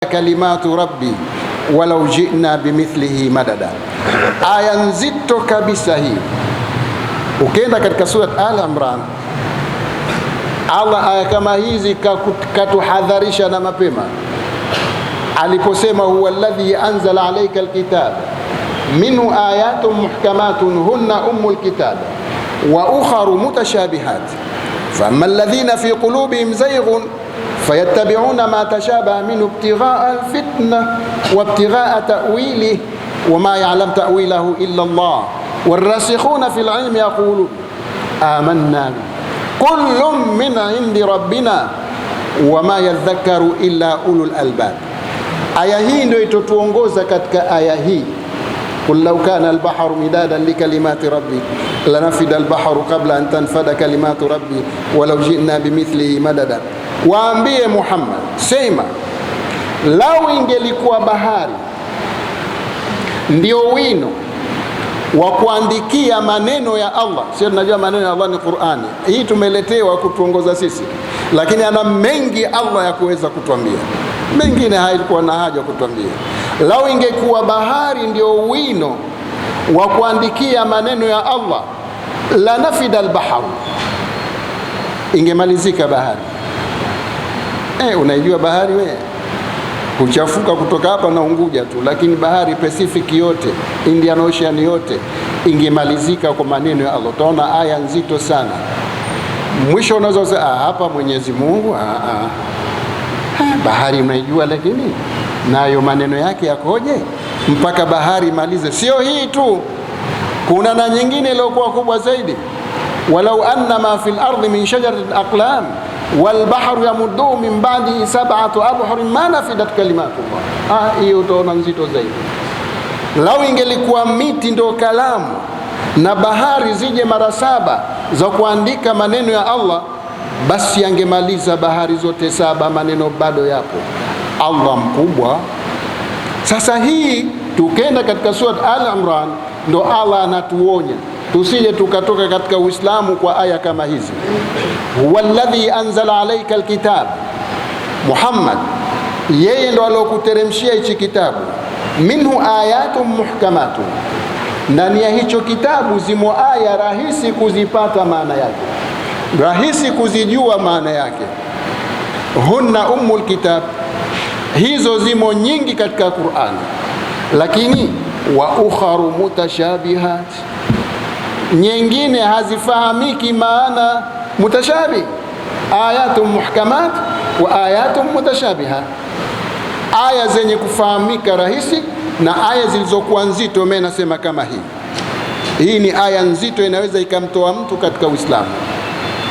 كلمات ربي ولو جئنا بمثله مددا آية نزيتو كابيسا هي وكينا كتك سورة آل عمران الله آية كما هيزي كتحذرش نما بما علي بسيما هو الذي أنزل عليك الكتاب منه آيات محكمات هن أم الكتاب وأخر متشابهات فأما الذين في قلوبهم زيغ فيتبعون ما تشابه منه ابتغاء الفتنة وابتغاء تأويله وما يعلم تأويله إلا الله والراسخون في العلم يقولون آمنا كل من عند ربنا وما يذكر إلا أولو الألباب آية hii ndio itotuongoza قل لو كان البحر مدادا لكلمات ربي لنفد البحر قبل أن تنفد كلمات ربي ولو جئنا بمثله مددا Waambie Muhammad, sema lau ingelikuwa bahari ndio wino wa kuandikia maneno ya Allah. Sio tunajua maneno ya Allah ni Qur'ani, hii tumeletewa kutuongoza sisi, lakini ana mengi Allah ya kuweza kutuambia, mengine haikuwa na haja kutuambia. Lau ingekuwa bahari ndio wino wa kuandikia maneno ya Allah, la nafida albahar, ingemalizika bahari Eh, unaijua bahari we? Huchafuka kutoka hapa na Unguja tu, lakini bahari Pacific yote, Indian Ocean yote ingemalizika kwa maneno ya Allah. Utaona aya nzito sana. Mwisho unaweza kusema ah, hapa Mwenyezi Mungu ah, ah. bahari unaijua, lakini nayo maneno yake yakoje? Mpaka bahari malize. Sio hii tu, kuna na nyingine iliyokuwa kubwa zaidi, walau anna ma fil ardi min shajaratin aqlam walbahru yamudduhu min ba'dihi sab'atu abhurin ma nafidat kalimatullah. Ah, utaona nzito zaidi. Lau ingelikuwa miti ndo kalamu na bahari zije mara saba za kuandika maneno ya Allah, basi angemaliza bahari zote saba, maneno bado yapo. Allah mkubwa. Sasa hii tukenda katika Surat Al Imran, ndo Allah anatuonya tusije tukatoka katika Uislamu kwa aya kama hizi. Walladhi anzala alayka alkitab, Muhammad yeye ndo alokuteremshia hichi kitabu. Minhu ayatun muhkamatun, ndani ya hicho kitabu zimo aya rahisi kuzipata maana yake, rahisi kuzijua maana yake. Hunna umu lkitab hizo zimo nyingi katika qurani lakini wa ukharu mutashabihat nyingine hazifahamiki maana mutashabih, ayatun muhkamat wa ayatun mutashabiha, aya zenye kufahamika rahisi na aya zilizokuwa nzito. Mimi nasema kama hii hii ni aya nzito, inaweza ikamtoa mtu katika Uislamu.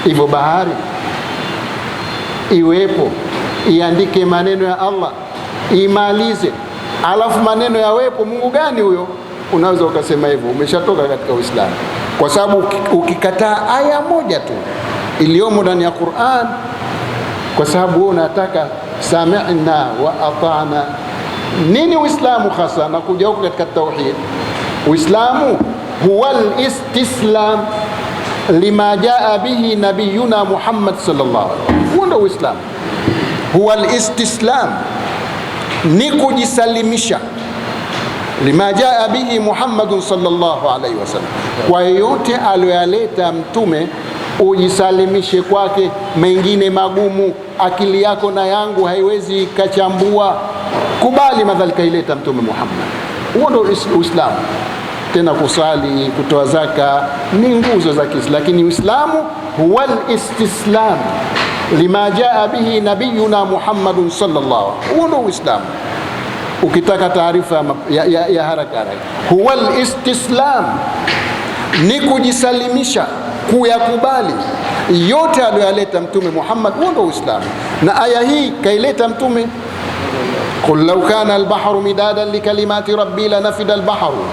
Hivyo bahari iwepo, iandike maneno ya Allah imalize, alafu maneno yawepo. Mungu gani huyo? Unaweza ukasema hivyo, umeshatoka katika Uislamu kwa sababu ukikataa aya moja tu iliyomo ndani ya Qur'an, kwa sababu wewe unataka sami'na wa ata'na. Nini Uislamu hasa? Na huko katika tauhid, Uislamu huwa listislam lima jaa bihi nabiyuna Muhammad sallallahu alaihi wasallam. Huo ndio Uislamu, huwa listislam ni kujisalimisha lima jaa bihi Muhammadun sallallahu alaihi wasallam, kwa yote aliyoyaleta Mtume ujisalimishe kwake. Mengine magumu, akili yako na yangu haiwezi ikachambua. Kubali madhalika ileta Mtume Muhammad. Huo ndo Uislamu. Tena kusali, kutoa zaka ni nguzo za Kiislamu, lakini Uislamu huwa listislam lima jaa bihi nabiyuna Muhammadun sallallahu Huo ndo Uislamu ukitaka taarifa ya, ya, ya haraka haraka, huwa listislam ni kujisalimisha, kuyakubali yote aliyoyaleta Mtume Muhammad. Huo ndo Uislamu, na aya hii kaileta Mtume Qul lau kana albahru midadan likalimati rabbi lanafida albahru,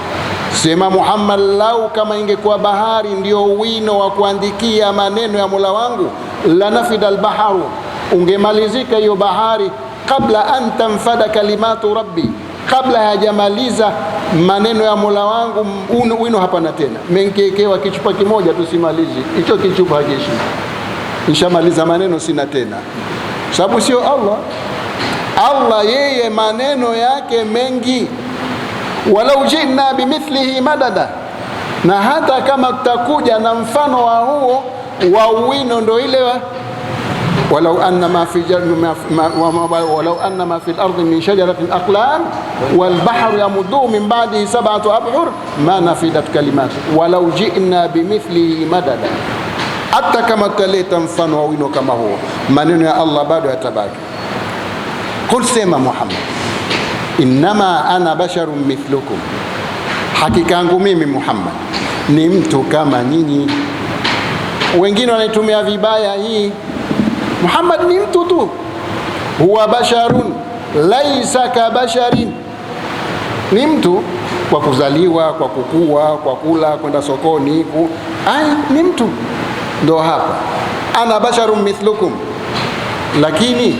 sema Muhammad, lau kama ingekuwa bahari ndio wino wa kuandikia maneno ya Mola wangu, lanafida albahru, ungemalizika hiyo bahari kabla an tanfada kalimatu rabbi, kabla hajamaliza maneno ya Mola wangu wino hapana tena, menkekewa kichupa kimoja tusimalizi hicho kichupa hakishi, nishamaliza maneno sina tena, sababu sio Allah. Allah yeye maneno yake mengi, walau jina bimithlihi madada, na hata kama tutakuja na mfano wa huo wa wino, ndo ile walau anna ma fi lardi min shajaratin aqlam walbahru yamudduhu min badihi sab'atu abhur ma nafidat kalimatu walau jina bimithlihi madada. Hata kama tutaleta mfano wa wino kama huo, maneno ya Allah bado yatabaki. Qul, sema Muhammad, innama ana basharun mithlukum, hakika yangu mimi Muhammad ni mtu kama nyinyi. Wengine wanaitumia vibaya hii Muhammad ni mtu tu, huwa basharun laisa ka basharin, ni mtu kwa kuzaliwa, kwa kukua, kwa kula, kwenda sokoni ku... Aya, ni mtu ndo hapa, ana basharun mithlukum, lakini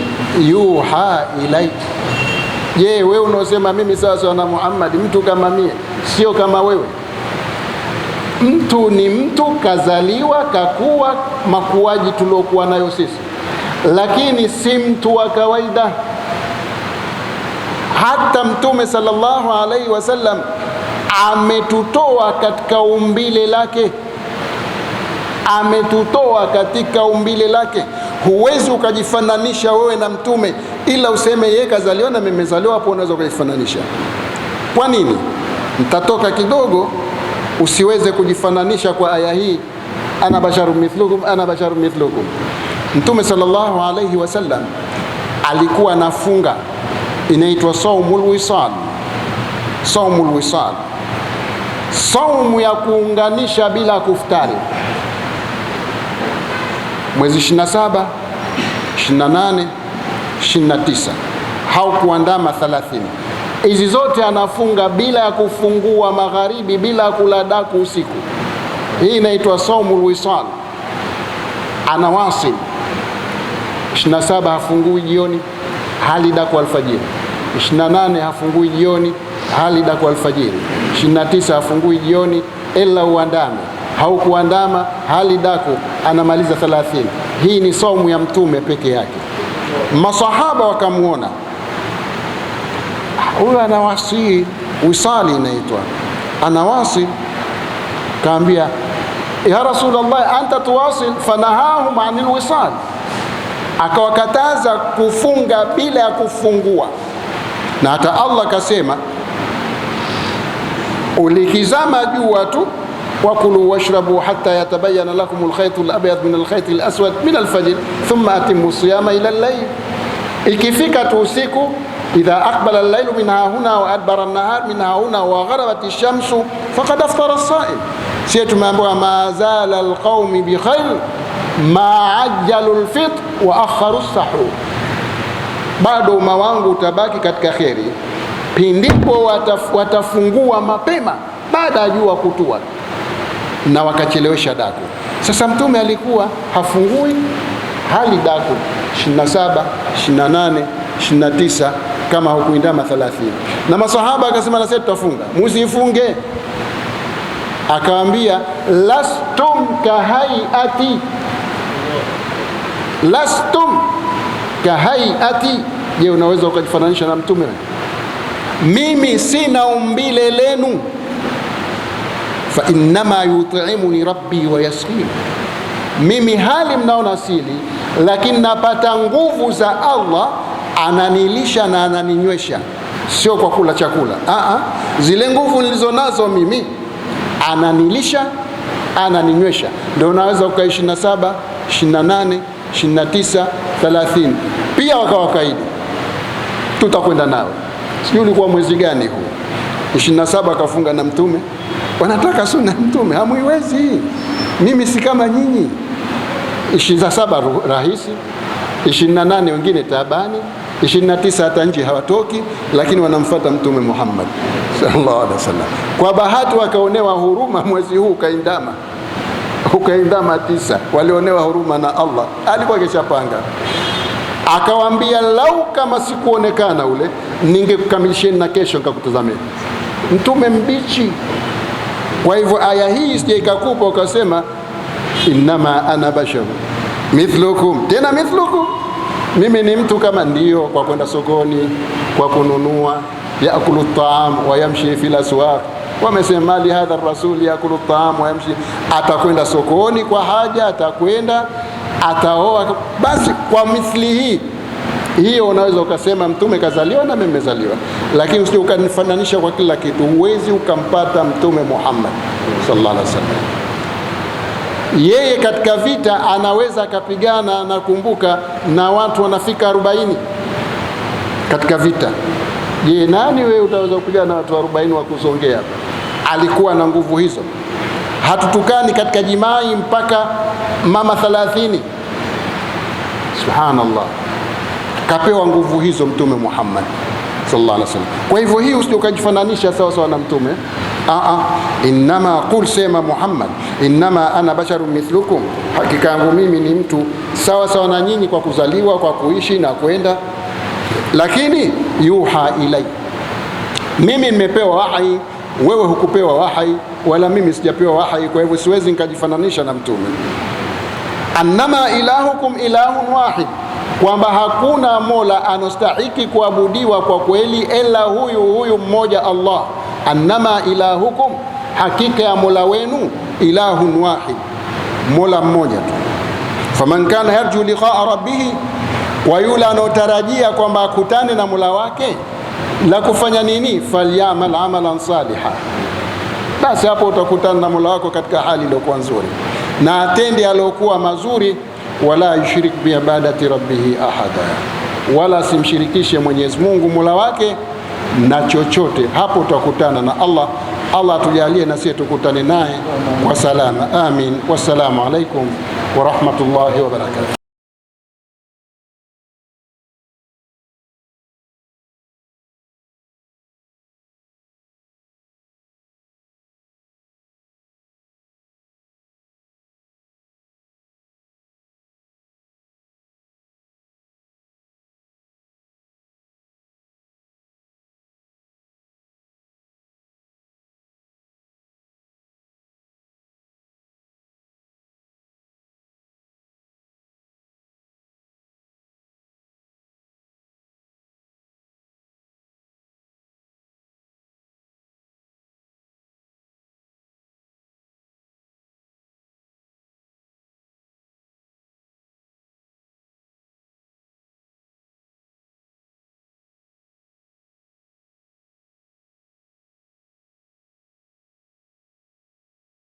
yuha ilai. Je, wewe unaosema mimi sawa sawa na Muhammad, mtu kama mie, sio kama wewe. Mtu ni mtu, kazaliwa, kakuwa, makuaji tuliokuwa nayo sisi lakini si mtu wa kawaida. Hata Mtume sallallahu alaihi wasallam ametutoa katika umbile lake, ametutoa katika umbile lake. Huwezi ukajifananisha wewe na Mtume ila useme yeye kazaliwa na mezaliwa hapo unaweza ukajifananisha. Kwa nini? Mtatoka kidogo, usiweze kujifananisha kwa aya hii, ana basharu mithlukum, ana basharu mithlukum Mtume sallallahu alayhi wasallam alikuwa anafunga inaitwa saumul wisal, saumul wisal, saumu ya kuunganisha bila kuftari, mwezi 27, 28, 29 haukuandama 30. Hizi zote anafunga bila ya kufungua magharibi, bila ya kula daku usiku. Hii inaitwa saumul wisal, anawasili 27 hafungui jioni hadi dakwa alfajiri, 28 hafungui jioni hadi dakwa alfajiri, 29 hafungui jioni ila uandame, haukuandama hali daku anamaliza 30. Hii ni saumu ya mtume peke yake. Masahaba wakamwona huyu anawasi wisali inaitwa anawasi, kaambia ya Rasulullah, anta tuwasil, fanahahum anil wisal akawakataza kufunga bila ya kufungua, na hata Allah kasema, ulikizama jua tu wakulu washrabu hata yatabayana lakum alkhaytu alabyad min alkhayti alaswad min alfajr thumma atimu siyama ila al ikifika tu usiku idha aqbala al-laylu min wa adbara nahar min hahuna wa gharabat shamsu faqad aftara saim Sie tumeambiwa mazala alqaumi bikhair ma ajjalu lfitr wa akharu sahur, bado umma wangu utabaki katika kheri pindipo wataf, watafungua mapema baada ya jua kutua na wakachelewesha daku. Sasa Mtume alikuwa hafungui hali daku 27, 28, 29 kama hukuindama 30, na masahaba akasema, na sasa tutafunga, musifunge. akawambia lastum kahaiati lastum kahaiati, je, unaweza ukajifananisha na mtume? Mimi sina umbile lenu. Fa innama yutimuni rabbi wa yasqini, mimi hali mnaona asili, lakini napata nguvu za Allah, ananilisha na ananinywesha, sio kwa kula chakula. Aa, zile nguvu nilizo nazo mimi ananilisha, ananinywesha. Ndio unaweza ukaa na 28 29 pia pia kaidi, tutakwenda nao. Sijui ulikuwa mwezi gani huu 27, akafunga na Mtume. Wanataka sunna Mtume, hamuiwezi. Mimi si kama nyinyi. 27 rahisi, 28 wengine taabani, 29 hata nje hawatoki, lakini wanamfuata Mtume Muhammad sallallahu alaihi wasallam. Kwa bahati wakaonewa huruma, mwezi huu kaindama kukaindama tisa walionewa huruma na Allah, alikuwa keshapanga akawambia, lau kama sikuonekana ule ningekukamilisheni na kesho nikakutazameni. Mtume mbichi. Kwa hivyo aya hii sije ikakupa ukasema innama ana basharu mithlukum, tena mithlukum, mimi ni mtu kama ndio, kwa kwenda sokoni, kwa kununua, yakulu taam wa yamshi fil aswaq wamesema li hadha rasuli yakulu taamu wayamshi, atakwenda sokoni kwa haja, atakwenda ataoa. Basi kwa mithli hii hiyo unaweza ukasema mtume kazaliwa na mimi lakini usije ukanifananisha kwa kila kitu. Huwezi ukampata mtume Muhammad sallallahu alaihi wasallam. Yeye katika vita anaweza akapigana, nakumbuka na watu wanafika arobaini katika vita. Je, nani wewe utaweza kupigana na watu arobaini wa kusongea? alikuwa na nguvu hizo. Hatutukani katika jimai mpaka mama 30. Subhanallah, kapewa nguvu hizo Mtume Muhammad sallallahu alaihi wasallam. Kwa hivyo hii usije ukajifananisha sawa sawa na mtume Aa, innama qul, sema Muhammad, innama ana basharun mithlukum, hakika yangu mimi ni mtu sawa sawa na nyinyi kwa kuzaliwa, kwa kuishi na kwenda. Lakini yuha ilai, mimi nimepewa wahi wewe hukupewa wahai wala mimi sijapewa wahai, kwa hivyo siwezi nikajifananisha na mtume. Annama ilahukum ilahun wahid, kwamba hakuna mola anostahiki kuabudiwa kwa kweli ila huyu huyu mmoja Allah. Annama ilahukum, hakika ya mola wenu, ilahun wahid, mola mmoja tu. Faman kana yarju liqaa rabbihi, kwa yule anaotarajia kwamba akutane na mola wake la kufanya nini? Falyamal amalan saliha, basi hapo utakutana na Mola wako katika hali iliyokuwa nzuri, na atende aliyokuwa mazuri. Wala yushrik biibadati rabbihi ahada, wala simshirikishe Mwenyezi Mungu Mola wake na chochote. Hapo utakutana na Allah. Allah atujalie na sisi tukutane naye kwa salama, amin. Wassalamu alaikum wa rahmatullahi wa barakatuh.